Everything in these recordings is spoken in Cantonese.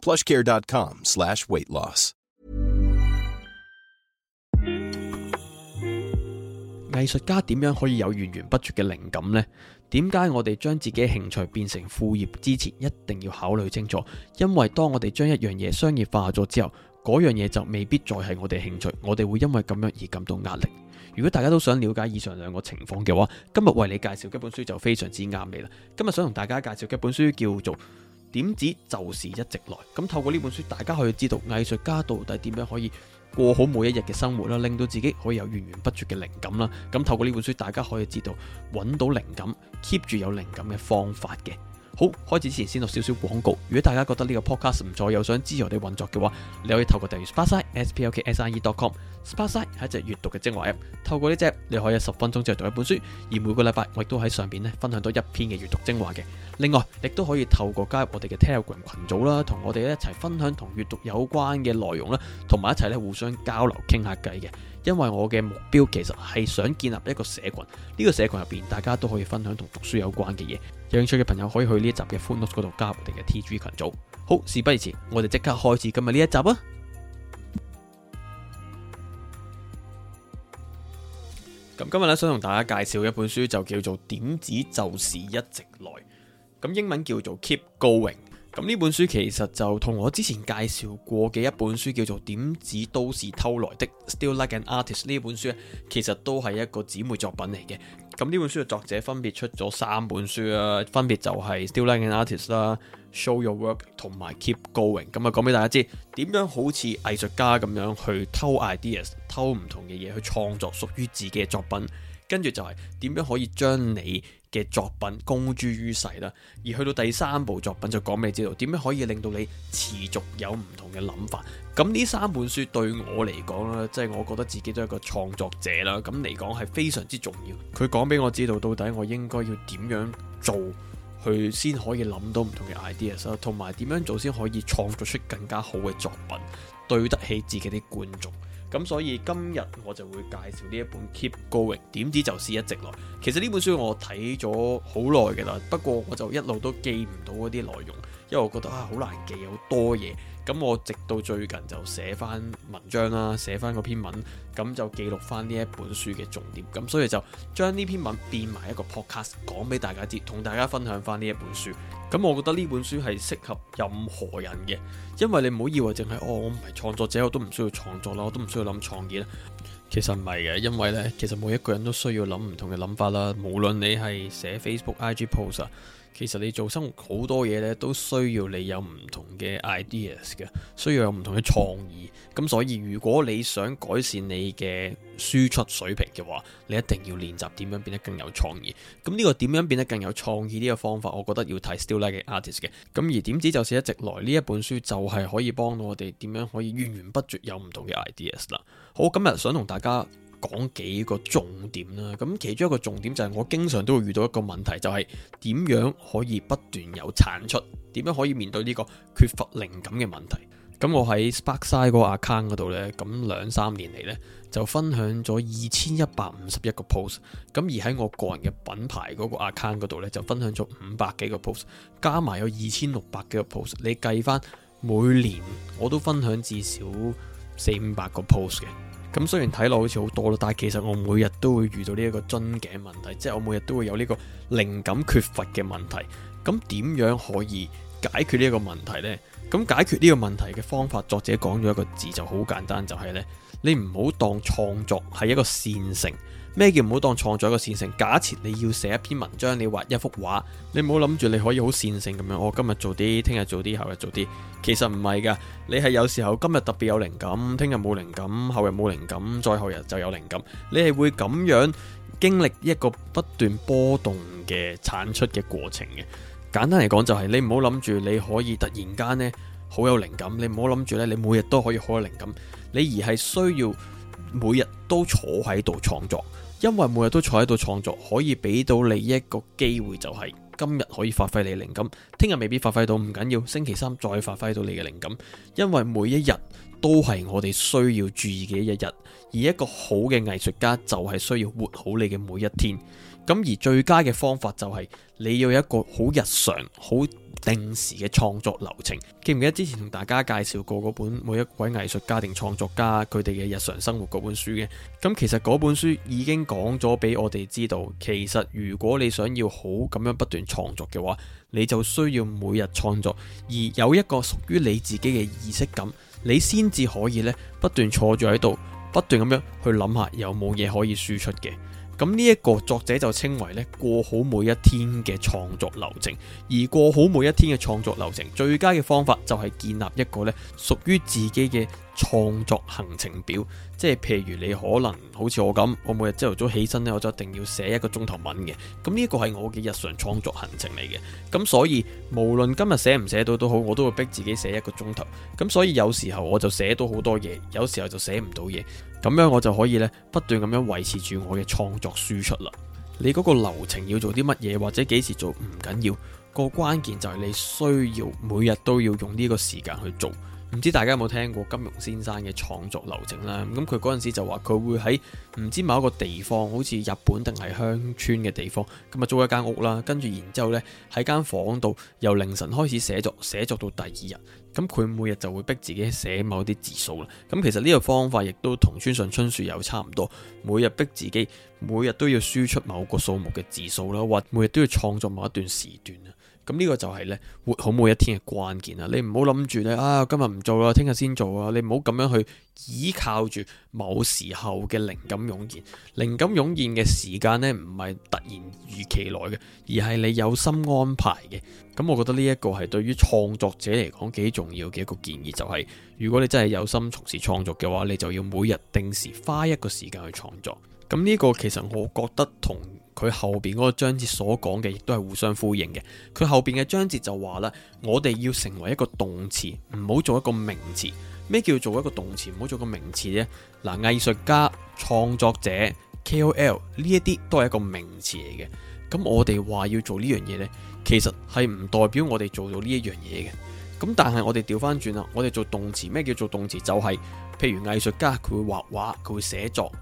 Plushcare.com/slash/weightloss。藝術家點樣可以有源源不絕嘅靈感呢？點解我哋將自己興趣變成副業之前一定要考慮清楚？因為當我哋將一樣嘢商業化咗之後，嗰樣嘢就未必再係我哋興趣，我哋會因為咁樣而感到壓力。如果大家都想了解以上兩個情況嘅話，今日為你介紹嘅本書就非常之啱你啦。今日想同大家介紹嘅本書叫做。點子就是一直來，咁透過呢本書，大家可以知道藝術家到底點樣可以過好每一日嘅生活啦，令到自己可以有源源不絕嘅靈感啦。咁透過呢本書，大家可以知道揾到靈感、keep 住有靈感嘅方法嘅。好，開始之前先讀少少廣告。如果大家覺得呢個 podcast 唔錯，又想支持我哋運作嘅話，你可以透過訂閱 s p a s i spk sri dot com s p a s i 係一隻閱讀嘅精華 App。透過呢隻，你可以十分鐘之後讀一本書，而每個禮拜我亦都喺上邊咧分享多一篇嘅閱讀精華嘅。另外，亦都可以透過加入我哋嘅 Telegram 群組啦，同我哋一齊分享同閱讀有關嘅內容啦，同埋一齊咧互相交流傾下偈嘅。聊聊因為我嘅目標其實係想建立一個社群，呢個社群入邊大家都可以分享同讀書有關嘅嘢，有興趣嘅朋友可以去呢一集嘅歡樂嗰度加入我哋嘅 TG 群組。好，事不宜遲，我哋即刻開始今日呢一集啊！咁今日咧想同大家介紹一本書就叫做《點子就是一直來》，咁英文叫做 Keep Going。咁呢本書其實就同我之前介紹過嘅一本書叫做《點子都是偷來的》，Still Like An Artist 呢本書呢其實都係一個姊妹作品嚟嘅。咁呢本書嘅作者分別出咗三本書啊，分別就係《Still Like An Artist》啦，《Show Your Work》同埋《Keep Going》。咁啊，講俾大家知點樣好似藝術家咁樣去偷 ideas、偷唔同嘅嘢去創作屬於自己嘅作品，跟住就係點樣可以將你嘅作品公諸於世啦，而去到第三部作品就講俾你知道，點樣可以令到你持續有唔同嘅諗法。咁呢三本書對我嚟講啦，即係我覺得自己都係一個創作者啦，咁嚟講係非常之重要。佢講俾我知道到底我應該要點樣做，佢先可以諗到唔同嘅 idea，同埋點樣做先可以創作出更加好嘅作品，對得起自己啲觀眾。咁所以今日我就會介紹呢一本《Keep Going》，點子就是一直來。其實呢本書我睇咗好耐嘅啦，不過我就一路都記唔到嗰啲內容。因為我覺得啊好難記好多嘢，咁我直到最近就寫翻文章啦，寫翻個篇文，咁就記錄翻呢一本書嘅重點，咁所以就將呢篇文變埋一個 podcast 講俾大家知，同大家分享翻呢一本書。咁我覺得呢本書係適合任何人嘅，因為你唔好以為淨係、哦、我唔係創作者，我都唔需要創作啦，我都唔需要諗創意啦。其實唔係嘅，因為呢，其實每一個人都需要諗唔同嘅諗法啦，無論你係寫 Facebook、IG post 其實你做生活好多嘢咧，都需要你有唔同嘅 ideas 嘅，需要有唔同嘅創意。咁所以如果你想改善你嘅輸出水平嘅話，你一定要練習點樣變得更有創意。咁呢個點樣變得更有創意呢個方法，我覺得要睇 Steal Like an Artist 嘅。咁、like、而點子就是一直來呢一本書，就係可以幫到我哋點樣可以源源不絕有唔同嘅 ideas 啦。好，今日想同大家。講幾個重點啦，咁其中一個重點就係我經常都會遇到一個問題，就係點樣可以不斷有產出，點樣可以面對呢個缺乏靈感嘅問題。咁我喺 Sparkside 嗰個 account 嗰度呢，咁兩三年嚟呢，就分享咗二千一百五十一個 post，咁而喺我個人嘅品牌嗰個 account 嗰度呢，就分享咗五百幾個 post，加埋有二千六百幾個 post，你計翻每年我都分享至少四五百個 post 嘅。咁雖然睇落好似好多咯，但係其實我每日都會遇到呢一個樽頸問題，即係我每日都會有呢個靈感缺乏嘅問題。咁點樣可以解決呢一個問題呢？咁解決呢個問題嘅方法，作者講咗一個字就好簡單，就係呢：你唔好當創作係一個線性。咩叫唔好當創作一個線性？假設你要寫一篇文章，你畫一幅畫，你唔好諗住你可以好線性咁樣，我、哦、今日做啲，聽日做啲，後日做啲。其實唔係噶，你係有時候今日特別有靈感，聽日冇靈感，後日冇靈感，再後日就有靈感。你係會咁樣經歷一個不斷波動嘅產出嘅過程嘅。簡單嚟講就係、是，你唔好諗住你可以突然間呢好有靈感，你唔好諗住咧你每日都可以好有靈感，你而係需要。每日都坐喺度創作，因為每日都坐喺度創作，可以俾到你一個機會、就是，就係今日可以發揮你靈感，聽日未必發揮到，唔緊要，星期三再發揮到你嘅靈感，因為每一日都係我哋需要注意嘅一日，而一個好嘅藝術家就係需要活好你嘅每一天，咁而最佳嘅方法就係、是、你要有一個好日常好。定時嘅創作流程，記唔記得之前同大家介紹過嗰本每一位藝術家定創作家佢哋嘅日常生活嗰本書嘅？咁其實嗰本書已經講咗俾我哋知道，其實如果你想要好咁樣不斷創作嘅話，你就需要每日創作，而有一個屬於你自己嘅儀式感，你先至可以呢不斷坐住喺度，不斷咁樣去諗下有冇嘢可以輸出嘅。咁呢一個作者就稱為咧過好每一天嘅創作流程，而過好每一天嘅創作流程最佳嘅方法就係建立一個咧屬於自己嘅創作行程表，即係譬如你可能好似我咁，我每日朝頭早起身呢，我就一定要寫一個鐘頭文嘅。咁呢個係我嘅日常創作行程嚟嘅。咁所以無論今日寫唔寫到都好，我都會逼自己寫一個鐘頭。咁所以有時候我就寫到好多嘢，有時候就寫唔到嘢。咁樣我就可以呢，不斷咁樣維持住我嘅創作輸出啦。你嗰個流程要做啲乜嘢或者幾時做唔緊要，個關鍵就係你需要每日都要用呢個時間去做。唔知大家有冇聽過金庸先生嘅創作流程啦？咁佢嗰陣時就話佢會喺唔知某一個地方，好似日本定係鄉村嘅地方，咁啊租一間屋啦，跟住然之後呢喺間房度由凌晨開始寫作，寫作到第二日。咁佢每日就會逼自己寫某啲字數啦。咁其實呢個方法亦都同村上春樹有差唔多，每日逼自己，每日都要輸出某個數目嘅字數啦，或每日都要創作某一段時段咁呢個就係咧活好每一天嘅關鍵啦！你唔好諗住咧啊，今日唔做啦，聽日先做啊！你唔好咁樣去依靠住某時候嘅靈感湧現。靈感湧現嘅時間呢，唔係突然如其來嘅，而係你有心安排嘅。咁我覺得呢一個係對於創作者嚟講幾重要嘅一個建議，就係、是、如果你真係有心從事創作嘅話，你就要每日定時花一個時間去創作。咁呢個其實我覺得同。佢後邊嗰個章節所講嘅，亦都係互相呼應嘅。佢後邊嘅章節就話啦，我哋要成為一個動詞，唔好做一個名詞。咩叫做一個動詞，唔好做個名詞呢？嗱，藝術家、創作者、KOL 呢一啲都係一個名詞嚟嘅。咁我哋話要做呢樣嘢呢，其實係唔代表我哋做到呢一樣嘢嘅。咁但係我哋調翻轉啦，我哋做動詞，咩叫做動詞？就係譬如藝術家，佢會畫畫，佢會寫作。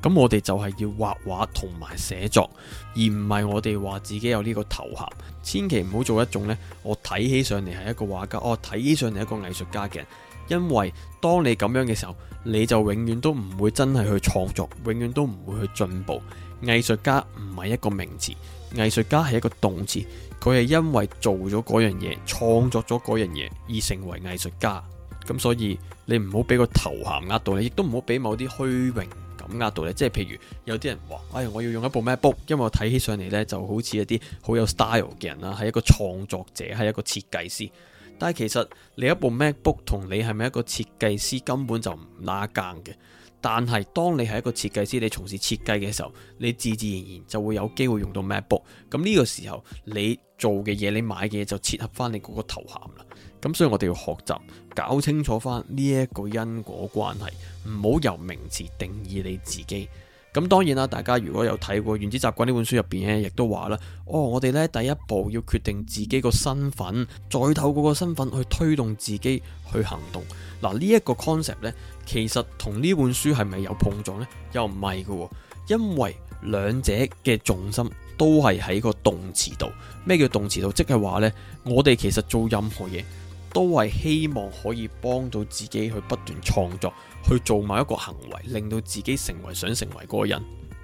咁我哋就係要畫畫同埋寫作，而唔係我哋話自己有呢個頭銜。千祈唔好做一種呢，我睇起上嚟係一個畫家，我、哦、睇起上嚟一個藝術家嘅人。因為當你咁樣嘅時候，你就永遠都唔會真係去創作，永遠都唔會去進步。藝術家唔係一個名詞，藝術家係一個動詞。佢係因為做咗嗰樣嘢，創作咗嗰樣嘢而成為藝術家。咁所以你唔好俾個頭銜壓，壓到你，亦都唔好俾某啲虛榮。咁即係譬如有啲人話，哎，我要用一部 MacBook，因為我睇起上嚟呢就好似一啲好有 style 嘅人啦，係一個創作者，係一個設計師。但係其實你一部 MacBook 同你係咪一個設計師根本就唔拉更嘅。但係當你係一個設計師，你從事設計嘅時候，你自自然然就會有機會用到 MacBook。咁呢個時候你做嘅嘢，你買嘅嘢，就切合翻你嗰個頭銜啦。咁，所以我哋要學習搞清楚翻呢一個因果關係，唔好由名詞定義你自己。咁當然啦，大家如果有睇過《原子習慣》呢本書入邊咧，亦都話啦，哦，我哋咧第一步要決定自己個身份，再透過個身份去推動自己去行動。嗱，呢一個 concept 呢，其實同呢本書係咪有碰撞呢？又唔係噶，因為兩者嘅重心都係喺個動詞度。咩叫動詞度？即係話呢，我哋其實做任何嘢。都係希望可以幫到自己去不斷創作，去做埋一個行為，令到自己成為想成為嗰個人。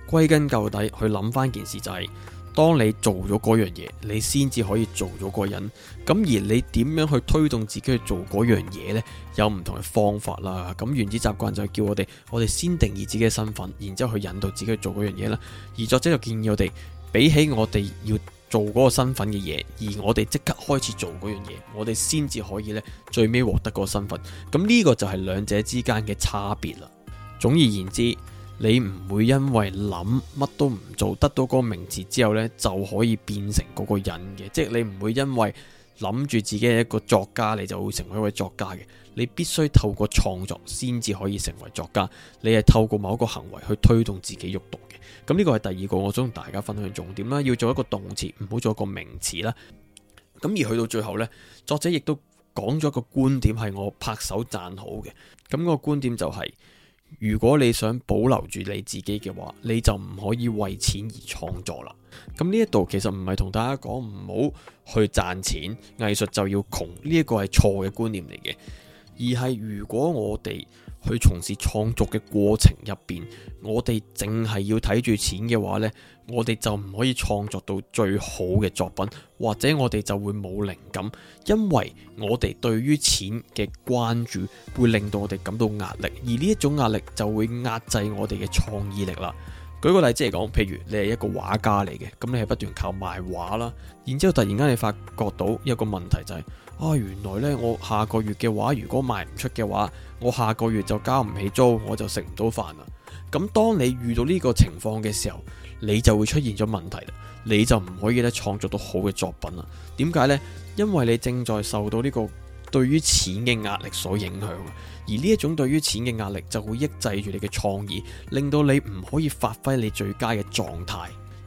歸根究底，去諗翻件事就係、是，當你做咗嗰樣嘢，你先至可以做咗個人。咁而你點樣去推動自己去做嗰樣嘢呢？有唔同嘅方法啦。咁原子習慣就係叫我哋，我哋先定義自己嘅身份，然之後去引導自己去做嗰樣嘢啦。而作者就建議我哋，比起我哋要。做嗰個身份嘅嘢，而我哋即刻開始做嗰樣嘢，我哋先至可以咧最尾獲得嗰個身份。咁呢個就係兩者之間嘅差別啦。總而言之，你唔會因為諗乜都唔做得到嗰個名字之後咧就可以變成嗰個人嘅，即係你唔會因為諗住自己係一個作家，你就會成為一位作家嘅。你必須透過創作先至可以成為作家，你係透過某一個行為去推動自己閱讀咁呢個係第二個我想同大家分享嘅重點啦，要做一個動詞，唔好做一個名詞啦。咁而去到最後呢，作者亦都講咗個觀點係我拍手讚好嘅。咁個觀點就係，如果你想保留住你自己嘅話，你就唔可以為錢而創作啦。咁呢一度其實唔係同大家講唔好去賺錢，藝術就要窮呢一個係錯嘅觀念嚟嘅，而係如果我哋。去從事創作嘅過程入邊，我哋淨係要睇住錢嘅話呢，我哋就唔可以創作到最好嘅作品，或者我哋就會冇靈感，因為我哋對於錢嘅關注會令到我哋感到壓力，而呢一種壓力就會壓制我哋嘅創意力啦。舉個例子嚟講，譬如你係一個畫家嚟嘅，咁你係不斷靠賣畫啦，然之後突然間你發覺到一個問題就係，啊原來呢，我下個月嘅畫如果賣唔出嘅話，我下個月就交唔起租，我就食唔到飯啦。咁當你遇到呢個情況嘅時候，你就會出現咗問題啦，你就唔可以咧創作到好嘅作品啦。點解呢？因為你正在受到呢個。對於錢嘅壓力所影響，而呢一種對於錢嘅壓力就會抑制住你嘅創意，令到你唔可以發揮你最佳嘅狀態。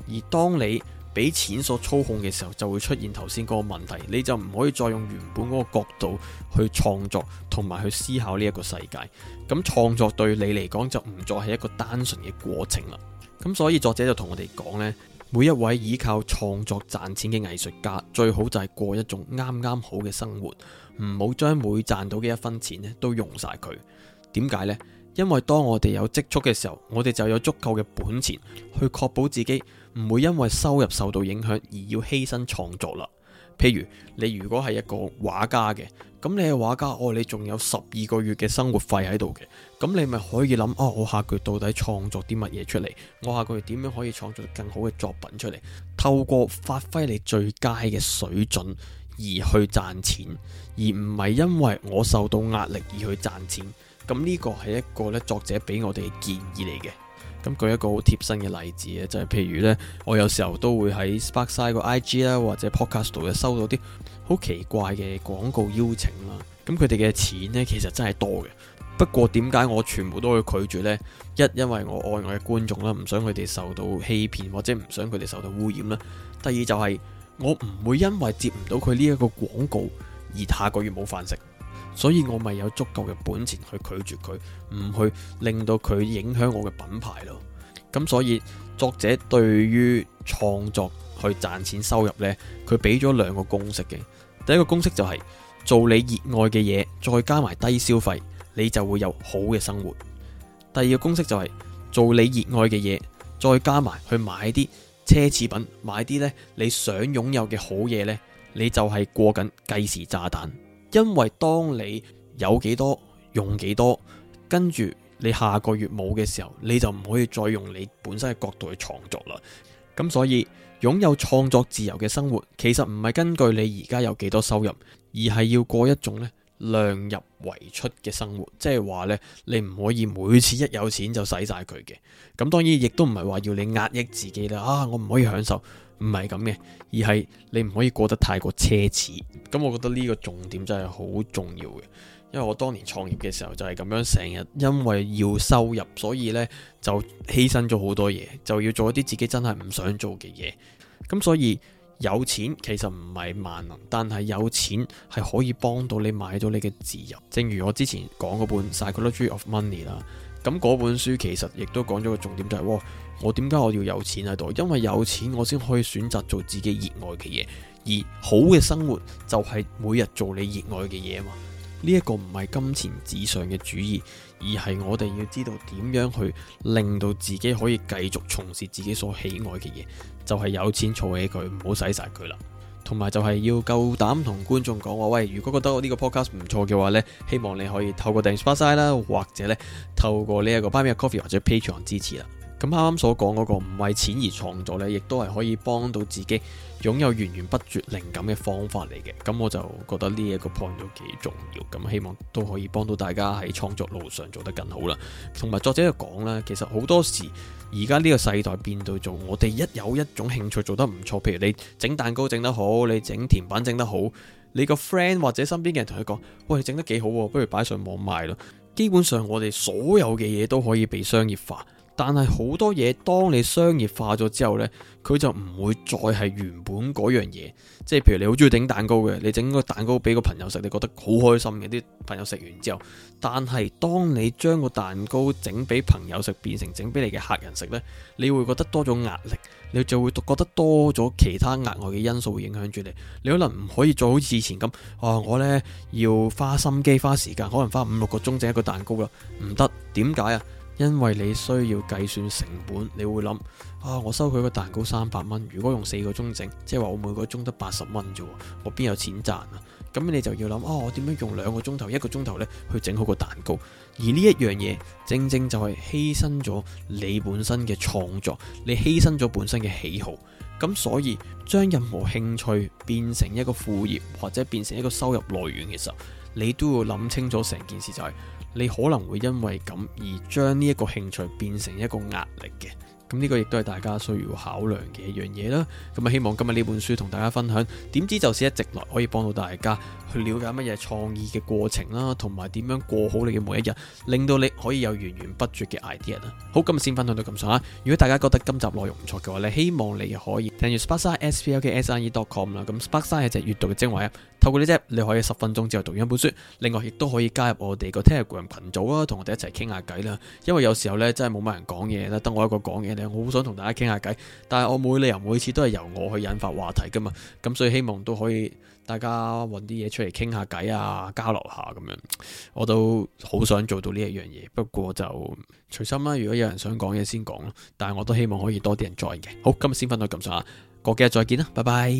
而當你俾錢所操控嘅時候，就會出現頭先嗰個問題，你就唔可以再用原本嗰個角度去創作同埋去思考呢一個世界。咁創作對你嚟講就唔再係一個單純嘅過程啦。咁所以作者就同我哋講呢。每一位依靠創作賺錢嘅藝術家，最好就係過一種啱啱好嘅生活，唔好將每賺到嘅一分錢咧都用晒佢。點解呢？因為當我哋有積蓄嘅時候，我哋就有足夠嘅本錢去確保自己唔會因為收入受到影響而要犧牲創作啦。譬如你如果係一個畫家嘅，咁你係畫家，哦，你仲有十二個月嘅生活費喺度嘅。咁你咪可以諗哦，我下句到底創作啲乜嘢出嚟？我下個月點樣可以創作更好嘅作品出嚟？透過發揮你最佳嘅水準而去賺錢，而唔係因為我受到壓力而去賺錢。咁呢個係一個咧作者俾我哋嘅建議嚟嘅。咁舉一個好貼身嘅例子咧，就係、是、譬如呢：我有時候都會喺 Spark 個 IG 啦，或者 Podcast 度收到啲好奇怪嘅廣告邀請啦。咁佢哋嘅錢呢，其實真係多嘅。不過點解我全部都會拒絕呢？一因為我愛我嘅觀眾啦，唔想佢哋受到欺騙，或者唔想佢哋受到污染啦。第二就係、是、我唔會因為接唔到佢呢一個廣告而下個月冇飯食，所以我咪有足夠嘅本錢去拒絕佢，唔去令到佢影響我嘅品牌咯。咁所以作者對於創作去賺錢收入呢，佢俾咗兩個公式嘅。第一個公式就係、是、做你熱愛嘅嘢，再加埋低消費。你就會有好嘅生活。第二個公式就係、是、做你熱愛嘅嘢，再加埋去買啲奢侈品，買啲咧你想擁有嘅好嘢呢，你就係過緊計時炸彈。因為當你有幾多用幾多，跟住你下個月冇嘅時候，你就唔可以再用你本身嘅角度去創作啦。咁所以擁有創作自由嘅生活，其實唔係根據你而家有幾多收入，而係要過一種咧。量入為出嘅生活，即係話呢，你唔可以每次一有錢就使晒佢嘅。咁當然亦都唔係話要你壓抑自己啦，啊，我唔可以享受，唔係咁嘅，而係你唔可以過得太過奢侈。咁我覺得呢個重點真係好重要嘅，因為我當年創業嘅時候就係咁樣，成日因為要收入，所以呢就犧牲咗好多嘢，就要做一啲自己真係唔想做嘅嘢。咁所以。有錢其實唔係萬能，但係有錢係可以幫到你買到你嘅自由。正如我之前講嗰本《Psychology of Money》啦，咁嗰本書其實亦都講咗個重點就係：我點解我要有錢喺度？因為有錢我先可以選擇做自己熱愛嘅嘢，而好嘅生活就係每日做你熱愛嘅嘢嘛。呢一個唔係金錢至上嘅主義，而係我哋要知道點樣去令到自己可以繼續從事自己所喜愛嘅嘢，就係、是、有錢儲起佢，唔好使晒佢啦。同埋就係要夠膽同觀眾講話，喂！如果覺得我呢個 podcast 唔錯嘅話呢，希望你可以透過訂閱啦，或者呢透過呢一個 Buy Me A Coffee 或者 Patreon 支持啦。咁啱啱所講嗰個唔為錢而創作呢，亦都係可以幫到自己擁有源源不絕靈感嘅方法嚟嘅。咁我就覺得呢一個 point 都幾重要。咁希望都可以幫到大家喺創作路上做得更好啦。同埋作者就講啦，其實好多時而家呢個世代變到做，我哋一有一種興趣做得唔錯，譬如你整蛋糕整得好，你整甜品整得好，你個 friend 或者身邊嘅人同佢講，喂，整得幾好，不如擺上網上賣咯。基本上我哋所有嘅嘢都可以被商業化。但係好多嘢，當你商業化咗之後呢，佢就唔會再係原本嗰樣嘢。即係譬如你好中意整蛋糕嘅，你整個蛋糕俾個朋友食，你覺得好開心嘅啲朋友食完之後，但係當你將個蛋糕整俾朋友食，變成整俾你嘅客人食呢，你會覺得多咗壓力，你就會覺得多咗其他額外嘅因素會影響住你。你可能唔可以再好似以前咁啊！我呢要花心機、花時間，可能花五六個鐘整一個蛋糕啦，唔得點解啊？因為你需要計算成本，你會諗啊，我收佢個蛋糕三百蚊，如果用四個鐘整，即係話我每個鐘得八十蚊啫，我邊有錢賺啊？咁你就要諗啊，我點樣用兩個鐘頭、一個鐘頭呢去整好個蛋糕？而呢一樣嘢，正正就係犧牲咗你本身嘅創作，你犧牲咗本身嘅喜好。咁所以將任何興趣變成一個副業或者變成一個收入來源嘅時候，其實你都要諗清楚成件事就係、是。你可能會因為咁而將呢一個興趣變成一個壓力嘅，咁，呢個亦都係大家需要考量嘅一樣嘢啦。咁啊，希望今日呢本書同大家分享，點知就是一直來可以幫到大家去了解乜嘢創意嘅過程啦，同埋點樣過好你嘅每一日，令到你可以有源源不絕嘅 idea 啊！好，今日先分享到咁上下。如果大家覺得今集內容唔錯嘅話咧，希望你可以訂閱 s p a r k s i s p l k s i r e c o m 啦。咁 sparkside 係隻閲讀嘅精華啊！透過呢、這、隻、個，你可以十分鐘之後讀完一本書。另外，亦都可以加入我哋個 Telegram 群組啊，同我哋一齊傾下偈啦。因為有時候咧，真係冇乜人講嘢啦，得我一個講嘢咧，我好想同大家傾下偈。但係我冇理由每次都係由我去引發話題噶嘛，咁所以希望都可以大家搵啲嘢出嚟傾下偈啊，交流下咁樣，我都好想做到呢一樣嘢。不過就隨心啦，如果有人想講嘢先講。但係我都希望可以多啲人 join 嘅。好，今日先分享到咁上下，過、那個、幾日再見啦，拜拜。